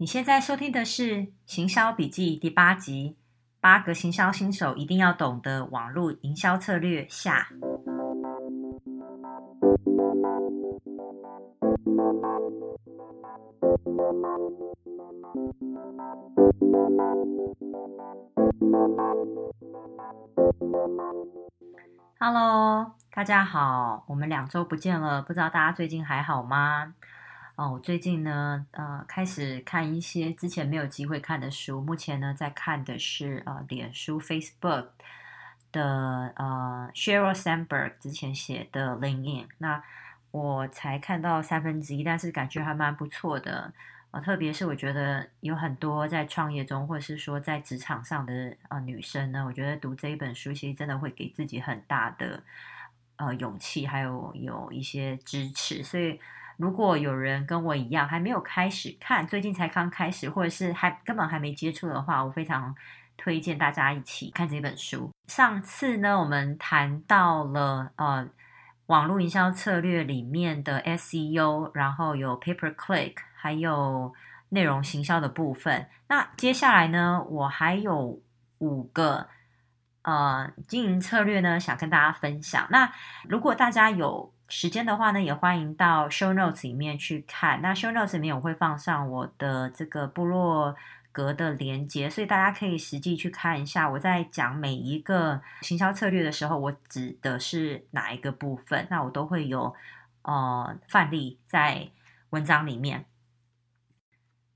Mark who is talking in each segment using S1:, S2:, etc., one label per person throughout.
S1: 你現在收聽的是《行銷筆記》第八集，《八個行銷新手一定要懂的網路營銷策略》下。Hello，大家好，我們兩周不見了，不知道大家最近還好嗎？哦，我最近呢，呃，開始看一些之前沒有機會看的書。目前呢，在看的是呃，臉書 Facebook 的呃，Sheryl Sandberg 之前寫的《Lean In》。那我才看到三分之一，3, 但是感覺還蠻不錯的。呃、特別是我覺得有很多在創業中或者是說在職場上的、呃、女生呢，我覺得讀這一本書其實真的會給自己很大的呃勇氣，還有有一些支持，所以。如果有人跟我一樣還沒有開始看，最近才剛開始，或者是還根本還沒接觸的話，我非常推薦大家一起看這本書。上次呢，我們談到了呃，網絡營銷策略裡面的 SEO，然後有 pay per click，還有內容行銷的部分。那接下來呢，我還有五個呃經營策略呢，想跟大家分享。那如果大家有，時間的話呢，也歡迎到 show notes 裡面去看。那 show notes 裡面我會放上我的這個部落格的連結，所以大家可以實際去看一下。我在講每一個行銷策略的時候，我指的是哪一個部分，那我都會有呃範例在文章裡面。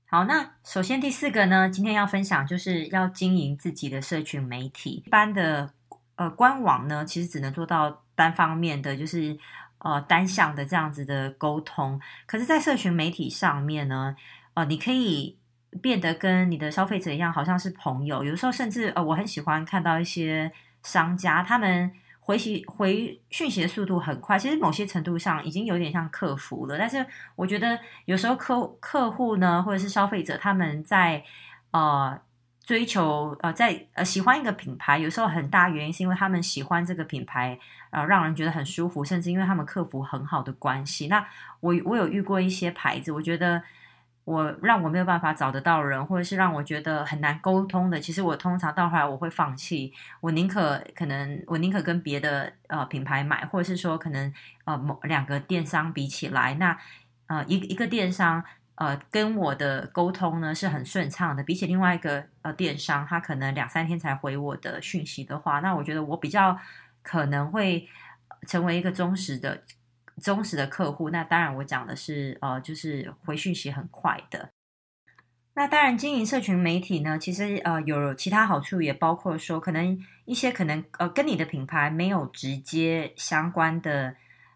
S1: 好，那首先第四個呢，今天要分享就是要經營自己的社群媒體。一般的呃官網呢，其實只能做到單方面的，就是。呃，單向的這樣子的溝通，可是，在社群媒體上面呢，呃，你可以變得跟你的消費者一樣，好像是朋友。有時候，甚至呃，我很喜歡看到一些商家他們回息、回訊息的速度很快。其實，某些程度上已經有點像客服了。但是，我覺得有時候客客戶呢，或者是消費者，他們在呃。追求呃，在呃喜歡一個品牌，有時候很大原因是因為他們喜歡這個品牌，呃，讓人覺得很舒服，甚至因為他們客服很好的關係。那我我有遇過一些牌子，我覺得我讓我沒有辦法找得到人，或者是讓我覺得很難溝通的。其實我通常到後來我會放棄，我寧可可能我寧可跟別的呃品牌買，或者是說可能呃某兩個電商比起來，那呃一個一個電商。呃，跟我的溝通呢是很順暢的，比起另外一個呃電商，他可能兩三天才回我的訊息的話，那我覺得我比較可能會成為一個忠實的忠實的客戶。那當然，我講的是呃，就是回訊息很快的。那當然，經營社群媒體呢，其實呃有其他好處，也包括說，可能一些可能呃跟你的品牌沒有直接相關的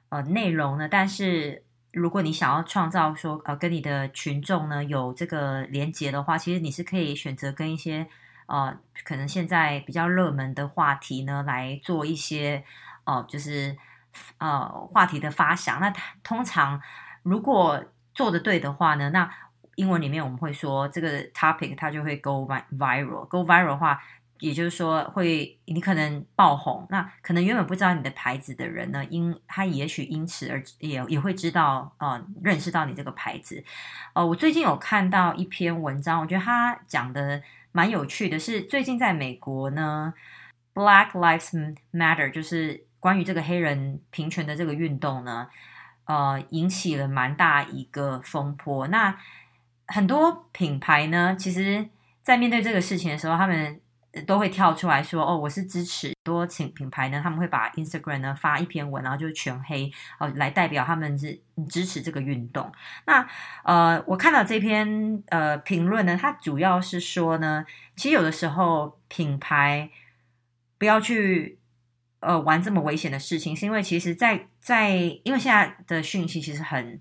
S1: 呃內容呢，但是。如果你想要創造說呃跟你的群眾呢有這個連接的話，其實你是可以選擇跟一些呃可能現在比較熱門的話題呢來做一些哦、呃、就是呃話題的發想。那通常如果做得對的話呢，那英文裡面我們會說這個 topic 它就會 go viral。go viral 的話。也就是說，會你可能爆紅，那可能原本不知道你的牌子的人呢，因他也許因此而也也會知道啊、呃，認識到你這個牌子。哦、呃，我最近有看到一篇文章，我覺得他講的蠻有趣的是，是最近在美國呢，Black Lives Matter，就是關於這個黑人平權的這個運動呢，呃，引起了蠻大一個風波。那很多品牌呢，其實在面對這個事情的時候，他們都會跳出來說：“哦，我是支持多請品牌呢，他們會把 Instagram 呢發一篇文，然後就全黑哦、呃，來代表他們是支持這個運動。那”那呃，我看到這篇呃評論呢，它主要是說呢，其實有的時候品牌不要去呃玩這麼危險的事情，是因爲其實在，在在因為現在的訊息其實很。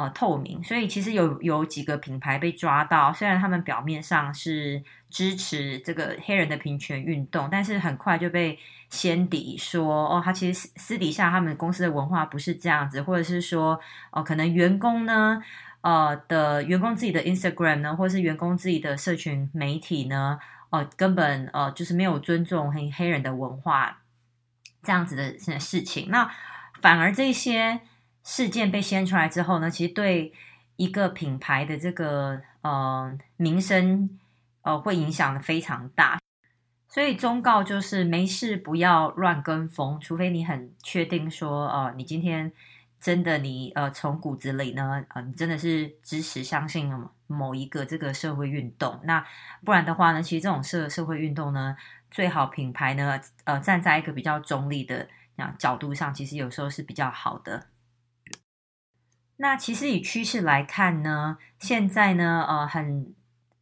S1: 呃，透明，所以其實有有幾個品牌被抓到，雖然他們表面上是支持這個黑人的平權運動，但是很快就被掀底說哦，他其實私底下他們公司的文化不是這樣子，或者是說哦、呃，可能員工呢，呃的員工自己的 Instagram 呢，或者是員工自己的社群媒體呢，哦、呃，根本呃就是沒有尊重黑黑人的文化這樣子的事情，那反而這些。事件被掀出來之後呢，其實對一個品牌的這個呃名聲呃會影響非常大，所以忠告就是沒事不要亂跟風，除非你很確定說，哦、呃，你今天真的你呃從骨子裡呢，呃，你真的是支持相信某一個這個社會運動，那不然的話呢，其實這種社社會運動呢，最好品牌呢呃站在一個比較中立的那角度上，其實有時候是比較好的。那其實以趨勢來看呢，現在呢，呃，很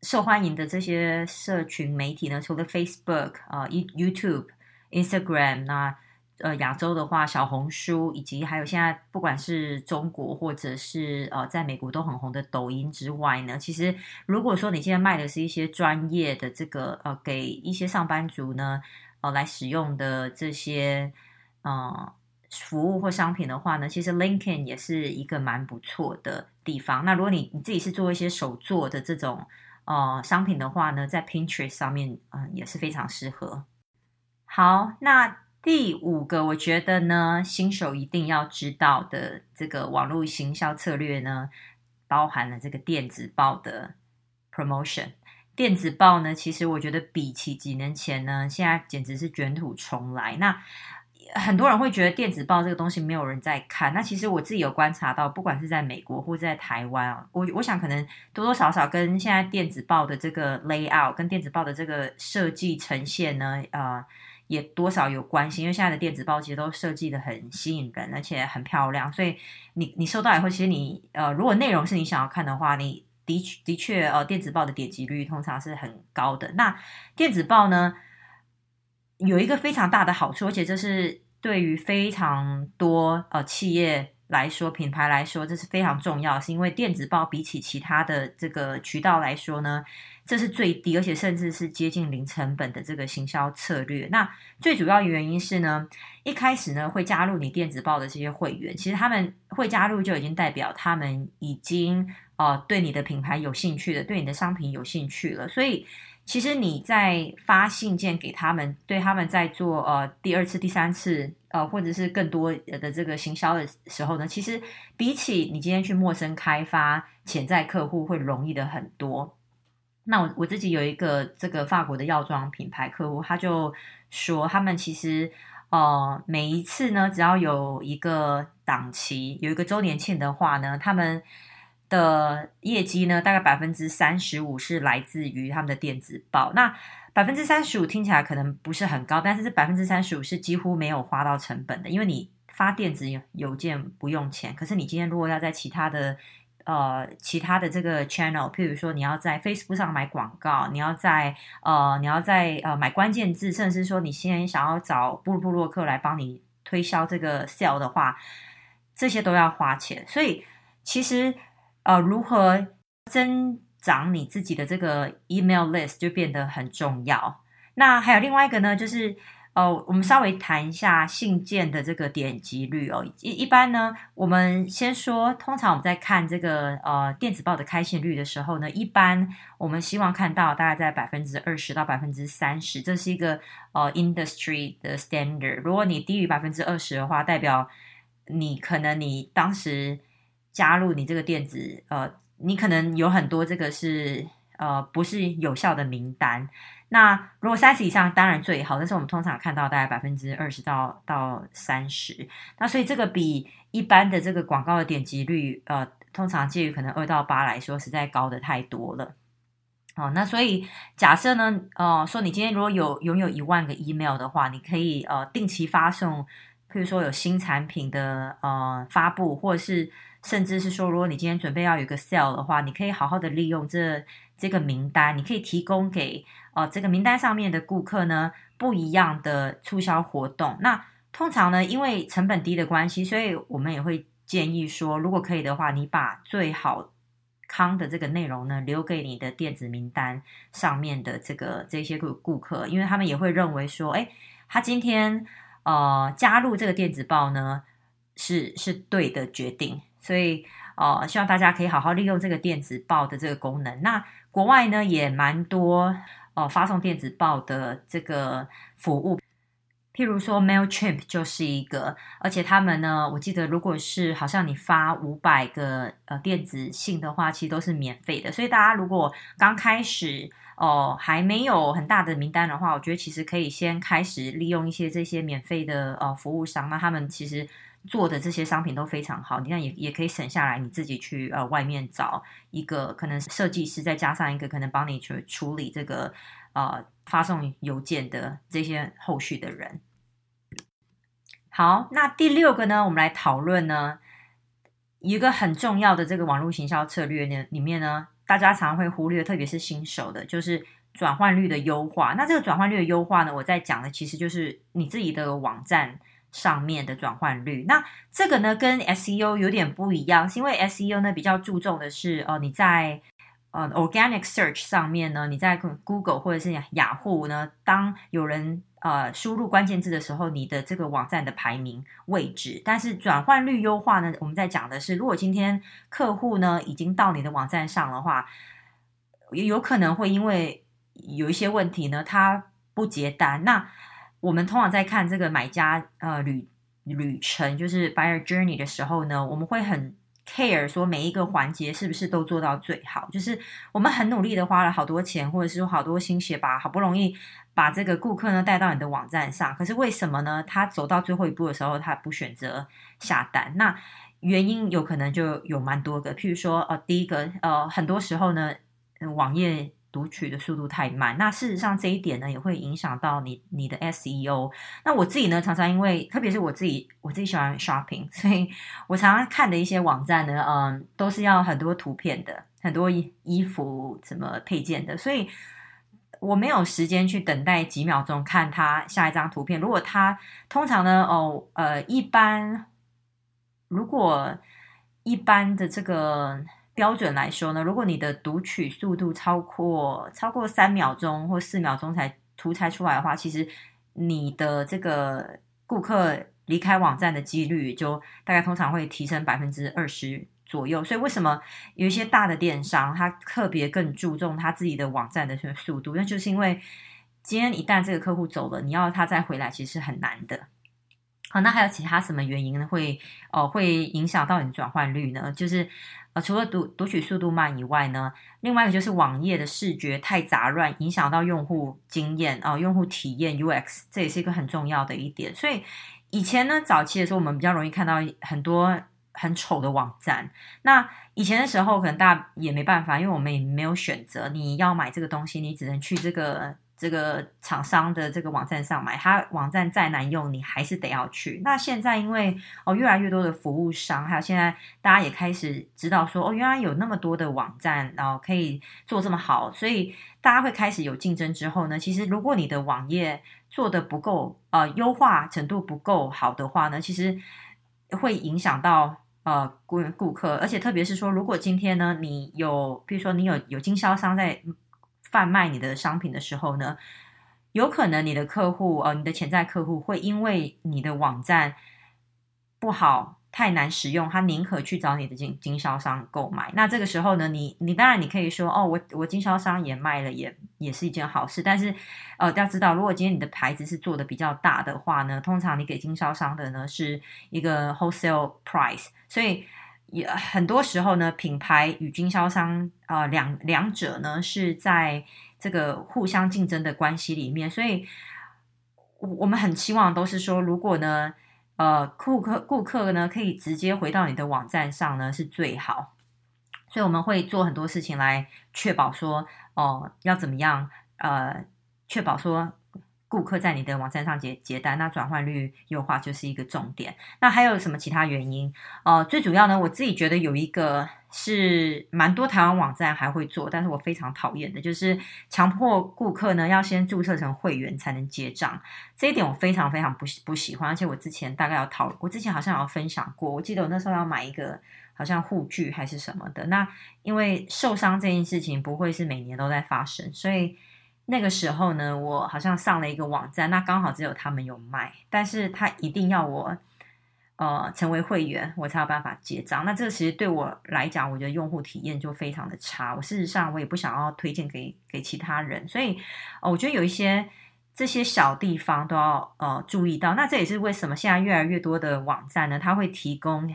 S1: 受歡迎的這些社群媒體呢，除了 Facebook、呃、啊、YouTube、Instagram，那呃，亞洲的話，小紅書，以及還有現在不管是中國或者是呃，在美國都很紅的抖音之外呢，其實如果說你現在賣的是一些專業的這個呃，給一些上班族呢，呃，來使用的這些，嗯、呃。服務或商品的話呢，其實 LinkedIn 也是一個蠻不錯的地方。那如果你你自己是做一些手做的這種呃商品的話呢，在 Pinterest 上面，呃，也是非常適合。好，那第五個我覺得呢，新手一定要知道的這個網絡行銷策略呢，包含了這個電子報的 promotion。電子報呢，其實我覺得比起幾年前呢，現在簡直是捲土重來。那很多人會覺得電子報這個東西沒有人在看，那其實我自己有觀察到，不管是在美國或者在台灣啊，我我想可能多多少少跟現在電子報的這個 layout、跟電子報的這個設計呈現呢，呃，也多少有關係。因為現在的電子報其實都設計的很吸引人，而且很漂亮，所以你你收到以後，其實你呃，如果內容是你想要看的話，你的確的確呃，電子報的點擊率通常是很高的。那電子報呢？有一個非常大的好處，而且這是對於非常多呃企業來說，品牌來說，這是非常重要，是因為電子報比起其他的這個渠道來說呢，這是最低，而且甚至是接近零成本的這個行銷策略。那最主要原因是呢，一開始呢會加入你電子報的這些會員，其實他們會加入就已經代表他們已經。哦、呃，對你的品牌有興趣的，對你的商品有興趣了，所以其實你在發信件給他們，對他們在做呃第二次、第三次，呃或者是更多的這個行銷的時候呢，其實比起你今天去陌生開發潛在客戶會容易的很多。那我我自己有一個這個法國的藥妝品牌客戶，他就說他們其實呃每一次呢，只要有一個檔期，有一個週年慶的話呢，他們。的業績呢，大概百分之三十五是來自於他們的電子報。那百分之三十五聽起來可能不是很高，但是這百分之三十五是幾乎沒有花到成本的，因為你發電子郵件不用錢。可是你今天如果要在其他的呃其他的這個 channel，譬如說你要在 Facebook 上買廣告，你要在呃你要在呃買關鍵字，甚至是說你現在想要找部落部落客來幫你推銷這個 sell 的話，這些都要花錢。所以其實。呃，如何增長你自己的這個 email list 就變得很重要。那還有另外一個呢，就是呃，我們稍微談一下信件的這個點擊率哦。一一般呢，我們先說，通常我們在看這個呃電子報的開信率的時候呢，一般我們希望看到大概在百分之二十到百分之三十，這是一個呃 industry 的 standard。如果你低於百分之二十的話，代表你可能你當時。加入你這個電子，呃，你可能有很多這個是呃不是有效的名單。那如果三十以上，當然最好。但是我們通常看到大概百分之二十到到三十。那所以這個比一般的這個廣告的點擊率，呃，通常介於可能二到八來說，實在高得太多了。哦，那所以假設呢，呃，說你今天如果有擁有一萬個 email 的話，你可以呃定期發送，譬如說有新產品的呃發佈，或者是。甚至是說，如果你今天準備要有個 sell 的話，你可以好好的利用這這個名單，你可以提供給呃這個名單上面的顧客呢不一樣的促銷活動。那通常呢，因為成本低的關係，所以我們也會建議說，如果可以的話，你把最好康的這個內容呢留給你的電子名單上面的這個這些顧顧客，因為他們也會認為說，哎，他今天呃加入這個電子報呢是是對的決定。所以，哦、呃，希望大家可以好好利用這個電子報的這個功能。那國外呢，也蠻多哦、呃，發送電子報的這個服務，譬如說 Mailchimp 就是一個，而且他們呢，我記得如果是好像你發五百個呃電子信的話，其實都是免費的。所以大家如果剛開始哦、呃，還沒有很大的名單的話，我覺得其實可以先開始利用一些這些免費的呃服務商。那他們其實。做的這些商品都非常好，你看也，也可以省下來，你自己去呃外面找一個可能設計師，再加上一個可能幫你去處理這個呃發送郵件的這些後續的人。好，那第六個呢，我們來討論呢一個很重要的這個網絡行銷策略呢裡面呢，大家常會忽略，特別是新手的，就是轉換率的優化。那這個轉換率的優化呢，我在講的其實就是你自己的網站。上面的轉換率，那這個呢跟 SEO 有點不一樣，是因為 SEO 呢比較注重的是，哦、呃，你在、呃、Organic Search 上面呢，你在 Google 或者是雅虎呢，當有人呃輸入關鍵字的時候，你的這個網站的排名位置。但是轉換率優化呢，我們在講的是，如果今天客戶呢已經到你的網站上的話，有可能會因為有一些問題呢，他不接單，那。我們通常在看這個買家呃旅旅程，就是 buyer journey 的時候呢，我們會很 care 說每一個環節是不是都做到最好。就是我們很努力的花了好多錢，或者是說好多心血吧，把好不容易把這個顧客呢帶到你的網站上，可是為什麼呢？他走到最後一步的時候，他不選擇下單？那原因有可能就有蠻多個，譬如說，哦、呃，第一個，呃，很多時候呢，呃、網頁。讀取的速度太慢，那事實上這一點呢，也會影響到你你的 SEO。那我自己呢，常常因為特別是我自己，我自己喜歡 shopping，所以我常常看的一些網站呢，嗯，都是要很多圖片的，很多衣衣服什麼配件的，所以我沒有時間去等待幾秒鐘看它下一張圖片。如果它通常呢，哦、呃，一般如果一般的這個。標準來說呢，如果你的讀取速度超過超過三秒鐘或四秒鐘才讀才出來的話，其實你的這個顧客離開網站的幾率就大概通常會提升百分之二十左右。所以為什麼有一些大的電商他特別更注重他自己的網站的這個速度？那就是因為今天一旦這個客戶走了，你要他再回來，其實是很難的。好，那還有其他什麼原因呢？會、呃、哦，會影響到你的轉換率呢？就是呃，除了讀讀取速度慢以外呢，另外一個就是網頁的視覺太雜亂，影響到用戶經驗哦、呃，用戶體驗 UX，這也是一個很重要的一點。所以以前呢，早期的時候，我們比較容易看到很多很醜的網站。那以前的時候，可能大家也沒辦法，因為我們也沒有選擇。你要買這個東西，你只能去這個。這個廠商的這個網站上買，它網站再難用，你還是得要去。那現在因為哦，越來越多的服務商，還有現在大家也開始知道說，哦，原來有那麼多的網站，然後可以做這麼好，所以大家會開始有競爭之後呢，其實如果你的網頁做得不夠，呃，優化程度不夠好的話呢，其實會影響到呃顧顧客，而且特別是說，如果今天呢，你有，比如說你有有經銷商在。販賣你的商品的時候呢，有可能你的客戶哦、呃，你的潛在客戶會因為你的網站不好、太難使用，他寧可去找你的經經銷商購買。那這個時候呢，你你當然你可以說哦，我我經銷商也賣了也，也也是一件好事。但是哦、呃，要知道，如果今天你的牌子是做的比較大的話呢，通常你給經銷商的呢是一個 wholesale price，所以。也很多時候呢，品牌與經銷商啊、呃，兩兩者呢是在這個互相競爭的關係裡面，所以，我我們很期望都是說，如果呢，呃，顧客顧客呢可以直接回到你的網站上呢，是最好，所以我們會做很多事情來確保說，哦、呃，要怎麼樣，呃，確保說。顧客在你的網站上結結單，那轉換率優化就是一個重點。那還有什麼其他原因？呃，最主要呢，我自己覺得有一個是蠻多台灣網站還會做，但是我非常討厭的，就是強迫顧客呢要先注冊成會員才能結賬。這一點我非常非常不不喜歡。而且我之前大概要討，我之前好像有分享過，我記得我那時候要買一個好像護具還是什麼的。那因為受傷這件事情不會是每年都在發生，所以。那個時候呢，我好像上了一個網站，那剛好只有他們有賣，但是他一定要我，呃，成為會員，我才有辦法結賬。那這個其實對我來講，我覺得用戶體驗就非常的差。我事實上我也不想要推薦給給其他人，所以，呃，我覺得有一些這些小地方都要呃注意到。那這也是為什麼現在越來越多的網站呢，他會提供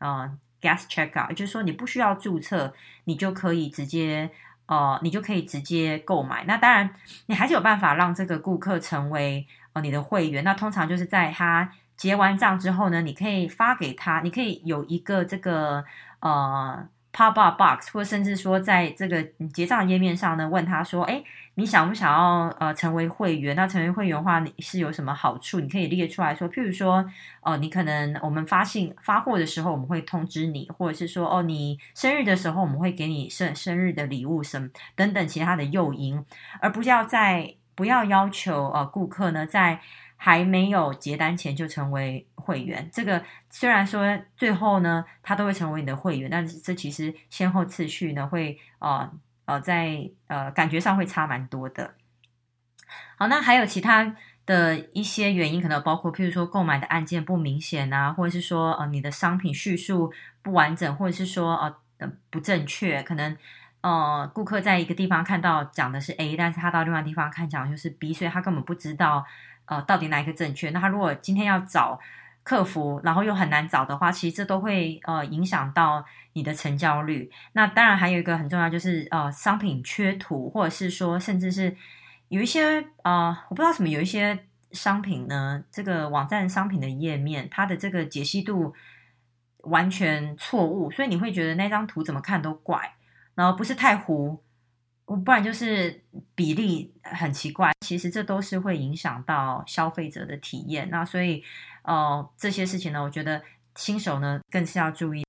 S1: 呃 guest checkout，就是說你不需要注冊，你就可以直接。呃，你就可以直接購買。那當然，你還是有辦法讓這個顧客成為呃你的會員。那通常就是在他結完賬之後呢，你可以發給他，你可以有一個這個呃。Pop-up box，或甚至說，在這個結賬頁面上呢，問他說：“誒你想不想要呃成為會員？那成為會員的話，你是有什麼好處？你可以列出來說，譬如說，呃你可能我們發信發貨的時候，我們會通知你，或者是說，哦，你生日的時候，我們會給你生生日的禮物什麼等等其他的誘因，而不要在，不要要求呃顧客呢在。”還沒有結單前就成為會員，這個雖然說最後呢，他都會成為你的會員，但是這其實先後次序呢，會哦呃，呃在呃感覺上會差蠻多的。好，那還有其他的一些原因，可能包括譬如說購買的按鍵不明顯啊，或者是說呃你的商品敘述不完整，或者是說呃，呃不正確，可能呃顧客在一個地方看到講的是 A，但是他到另外一個地方看講就是 B，所以他根本不知道。呃，到底哪一個正確？那他如果今天要找客服，然後又很難找的話，其實這都會呃影響到你的成交率。那當然還有一個很重要，就是呃商品缺圖，或者是說甚至是有一些呃我不知道什麼，有一些商品呢，這個網站商品的頁面，它的這個解析度完全錯誤，所以你會覺得那張圖怎麼看都怪，然後不是太糊。不然就是比例很奇怪，其實這都是會影響到消費者的體驗。那所以，呃，這些事情呢，我覺得新手呢更是要注意。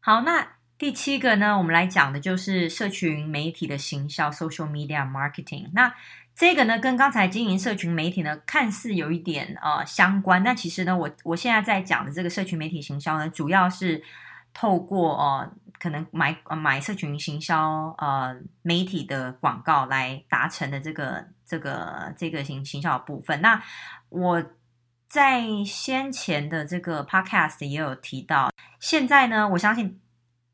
S1: 好，那第七個呢，我們來講的就是社群媒體的行銷 （Social Media Marketing）。那這個呢，跟剛才經營社群媒體呢，看似有一點呃相關，那其實呢，我我現在在講的這個社群媒體行銷呢，主要是透過哦。呃可能買買社群行銷呃媒體的廣告來達成的這個這個這個行行銷部分。那我在先前的這個 Podcast 也有提到，現在呢，我相信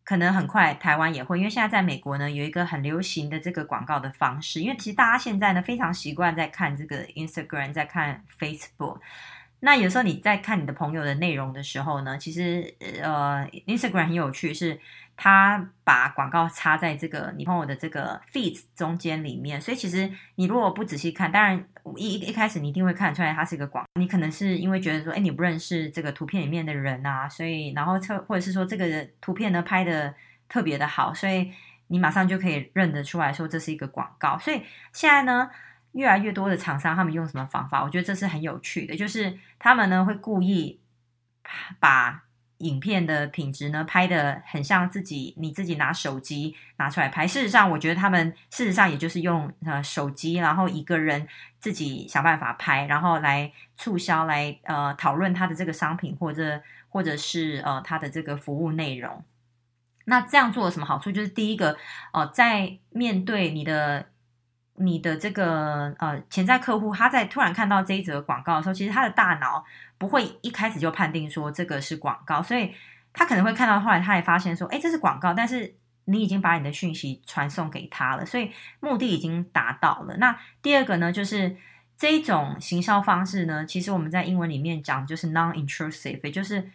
S1: 可能很快台灣也會，因為現在在美國呢有一個很流行的這個廣告的方式，因為其實大家現在呢非常習慣在看這個 Instagram，在看 Facebook。那有時候你在看你的朋友的內容的時候呢，其實呃 Instagram 很有趣是，他把廣告插在這個你朋友的這個 feed 中間裡面，所以其實你如果不仔細看，當然一一開始你一定會看出來它是一個廣。你可能是因為覺得說，哎，你不認識這個圖片裡面的人啊，所以然後或者是說這個圖片呢拍的特別的好，所以你馬上就可以認得出來說這是一個廣告。所以現在呢，越來越多的廠商他們用什麼方法？我覺得這是很有趣的，就是他們呢會故意把。影片的品質呢，拍得很像自己，你自己拿手機拿出來拍。事實上，我覺得他們事實上也就是用呃手機，然後一個人自己想辦法拍，然後來促銷，來呃討論他的這個商品或者或者是呃他的這個服務內容。那這樣做有什麼好處？就是第一個哦、呃，在面對你的。你的這個呃潛在客戶，他在突然看到這一則廣告的時候，其實他的大腦不會一開始就判定說這個是廣告，所以他可能會看到，後來他也發現說，哎，這是廣告，但是你已經把你的訊息傳送給他了，所以目的已經達到了。那第二個呢，就是這一種行銷方式呢，其實我們在英文裡面講就是 non-intrusive，也就是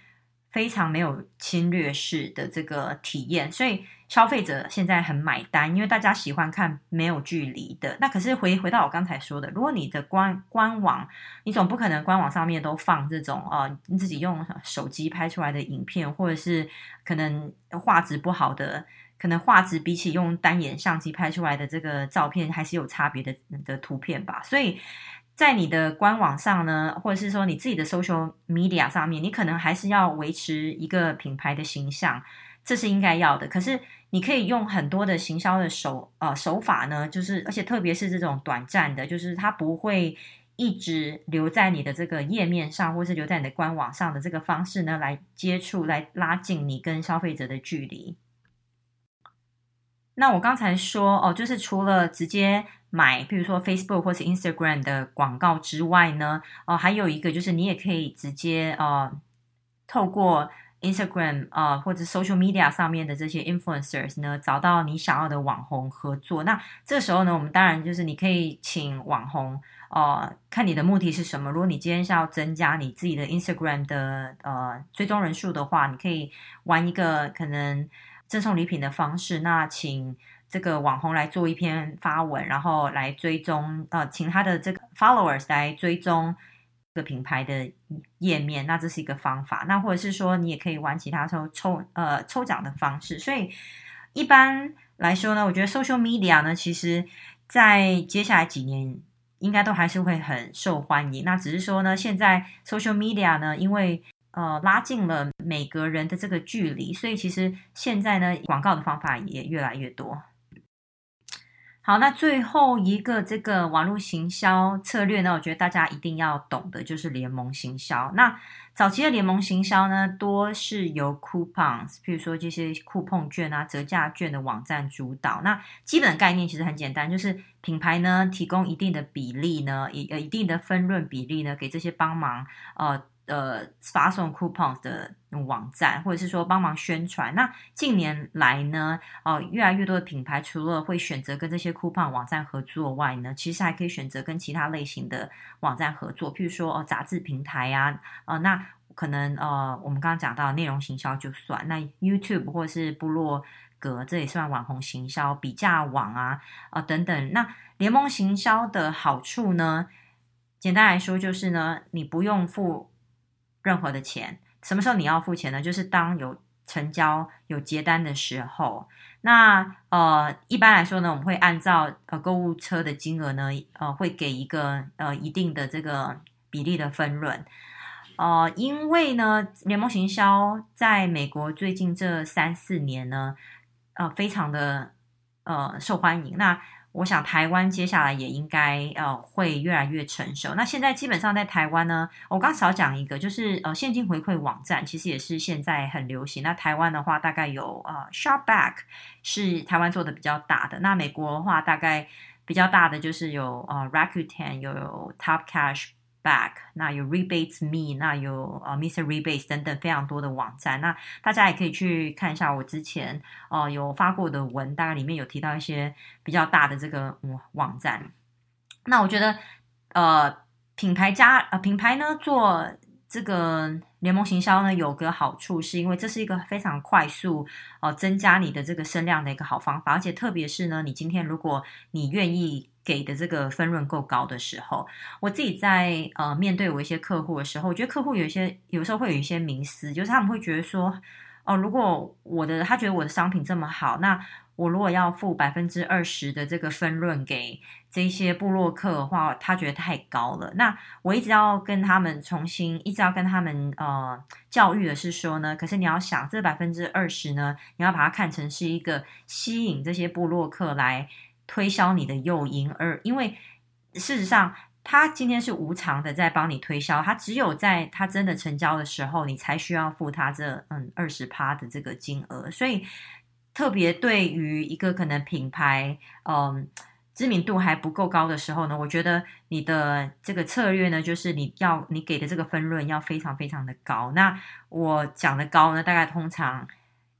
S1: 非常沒有侵略式的這個體驗，所以消費者現在很買單，因為大家喜歡看沒有距離的。那可是回回到我剛才說的，如果你的官官網，你總不可能官網上面都放這種啊、呃，你自己用手機拍出來的影片，或者是可能畫質不好的，可能畫質比起用單眼相機拍出來的這個照片還是有差別的的圖片吧，所以。在你的官網上呢，或者是說你自己的 social media 上面，你可能還是要維持一個品牌的形象，這是應該要的。可是你可以用很多的行銷的手，呃，手法呢，就是，而且特別是這種短暫的，就是它不會一直留在你的這個頁面上，或是留在你的官網上的這個方式呢，來接觸、來拉近你跟消費者的距離。那我剛才說哦、呃，就是除了直接買，比如說 Facebook 或是 Instagram 的廣告之外呢，哦、呃，還有一個就是你也可以直接呃透過 Instagram 啊、呃、或者 Social Media 上面的這些 Influencers 呢，找到你想要的網紅合作。那這時候呢，我們當然就是你可以請網紅哦、呃，看你的目的是什麼。如果你今天是要增加你自己的 Instagram 的呃追蹤人數的話，你可以玩一個可能。贈送禮品的方式，那請這個網紅來做一篇發文，然後來追蹤，呃，請他的這個 followers 來追蹤這個品牌的頁面，那這是一個方法。那或者是說，你也可以玩其他的時候抽呃抽呃抽獎的方式。所以一般來說呢，我覺得 social media 呢，其實在接下來幾年應該都還是會很受歡迎。那只是說呢，現在 social media 呢，因為呃，拉近了每個人的這個距離，所以其實現在呢，廣告的方法也越來越多。好，那最後一個這個網路行銷策略呢，我覺得大家一定要懂的就是聯盟行銷。那早期的聯盟行銷呢，多是由 coupons，比如說這些酷碰券啊、折價券的網站主導。那基本概念其實很簡單，就是品牌呢提供一定的比例呢，一呃一定的分潤比例呢，給這些幫忙呃。呃，發送 coupons 的網站，或者是說幫忙宣傳。那近年來呢，哦、呃，越來越多的品牌除了會選擇跟這些 coupon 網站合作外呢，其實還可以選擇跟其他類型的網站合作，譬如說哦、呃，雜誌平台啊，呃，那可能呃，我們剛剛講到內容行銷就算，那 YouTube 或是部落格，這也算網紅行銷，比價網啊，啊、呃、等等。那聯盟行銷的好處呢，簡單來說就是呢，你不用付。任何的錢，什麼時候你要付錢呢？就是當有成交、有接單的時候，那呃，一般來說呢，我們會按照呃購物車的金額呢，呃，會給一個呃一定的這個比例的分潤，呃，因為呢，聯盟行銷在美國最近這三四年呢，呃，非常的。呃，受歡迎。那我想台灣接下來也應該呃會越來越成熟。那現在基本上在台灣呢，我剛少講一個，就是呃現金回饋網站，其實也是現在很流行。那台灣的話，大概有、呃、Shopback 是台灣做的比較大的。那美國的話，大概比較大的就是有呃 Rakuten 又有 TopCash。有 TopCash，那有 Rebates Me，那有呃，Mr. Rebates 等等非常多的網站，那大家也可以去看一下我之前哦、呃、有發過的文，大概裡面有提到一些比較大的這個網站。那我覺得呃，品牌加呃品牌呢做這個聯盟行銷呢有個好處，是因為這是一個非常快速哦、呃、增加你的這個聲量的一個好方法，而且特別是呢，你今天如果你願意。給的這個分潤夠高的時候，我自己在呃面對我一些客戶的時候，我覺得客戶有一些有時候會有一些迷思，就是他們會覺得說，哦，如果我的他覺得我的商品這麼好，那我如果要付百分之二十的這個分潤給這些部落客的話，他覺得太高了。那我一直要跟他們重新，一直要跟他們呃教育的是說呢，可是你要想這百分之二十呢，你要把它看成是一個吸引這些部落客來。推銷你的誘因，而因為事實上，他今天是無償的在幫你推銷，他只有在他真的成交的時候，你才需要付他這嗯二十趴的這個金額。所以，特別對於一個可能品牌嗯知名度還不夠高的時候呢，我覺得你的這個策略呢，就是你要你給的這個分潤要非常非常的高。那我講的高呢，大概通常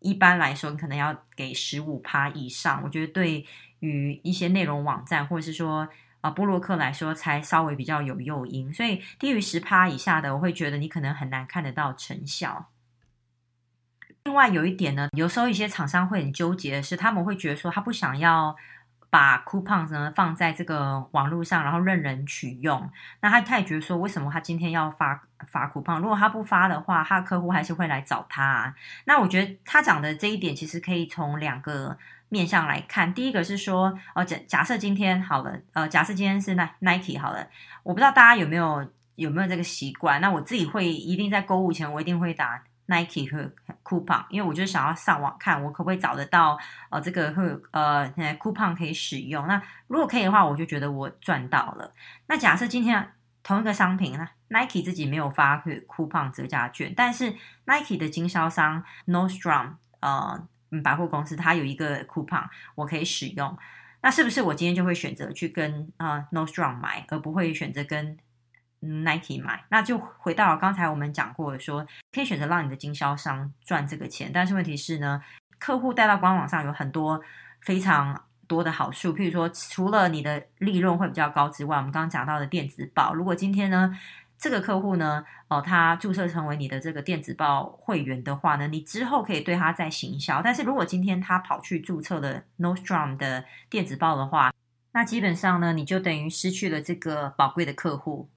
S1: 一般來說，你可能要給十五趴以上，我覺得對。與一些內容網站或者是說啊，呃、播客來說，才稍微比較有誘因，所以低於十趴以下的，我會覺得你可能很難看得到成效。另外有一點呢，有時候一些廠商會很糾結的是，他們會覺得說，他不想要把 coupon 呢放在這個網絡上，然後任人取用。那他他也覺得說，為什麼他今天要發發 coupon？如果他不發的話，他客戶還是會來找他啊。那我覺得他講的這一點，其實可以從兩個。面向來看，第一個是說，哦、呃，假假設今天好了，呃，假設今天是 Nike 好了，我不知道大家有沒有有沒有這個習慣，那我自己會一定在購物前，我一定會打 Nike 和 coupon，因為我就想要上網看我可不可以找得到哦、呃、這個會呃 coupon 可以使用，那如果可以的話，我就覺得我賺到了。那假設今天同一個商品，Nike 自己沒有發去 coupon 折價券，但是 Nike 的經銷商 Nordstrom 呃。嗯，百貨公司它有一個 coupon，我可以使用。那是不是我今天就會選擇去跟啊、呃、Nostrum 買，而不會選擇跟 Nike 買？那就回到剛才我們講過的，說可以選擇讓你的經銷商賺這個錢，但是問題是呢，客戶帶到官網上有很多非常多的好處，譬如說除了你的利潤會比較高之外，我們剛剛講到的電子報，如果今天呢，這個客戶呢，哦，他註冊成為你的這個電子報會員的話呢，你之後可以對他再行銷。但是如果今天他跑去註冊了 Nordstrom 的電子報的話，那基本上呢，你就等於失去了這個寶貴的客戶。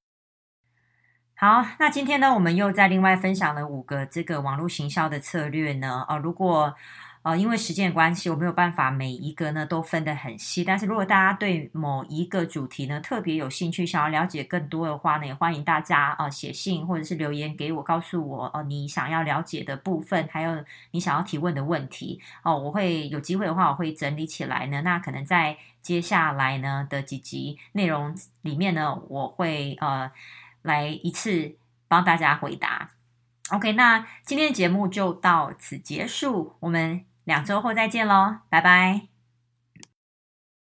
S1: 好，那今天呢，我們又再另外分享了五個這個網絡行銷的策略呢，哦，如果。呃，因為時間的關係，我沒有辦法每一個呢都分得很細。但是如果大家對某一個主題呢特別有興趣，想要了解更多的話呢，也歡迎大家啊、呃、寫信或者是留言給我，告訴我哦、呃、你想要了解的部分，還有你想要提問的問題哦、呃。我會有機會的話，我會整理起來呢。那可能在接下來呢的幾集內容裡面呢，我會呃來一次幫大家回答。OK，那今天的節目就到此結束，我們。兩周後再見嘍，拜拜。